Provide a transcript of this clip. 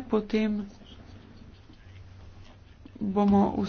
potem bomo vsi.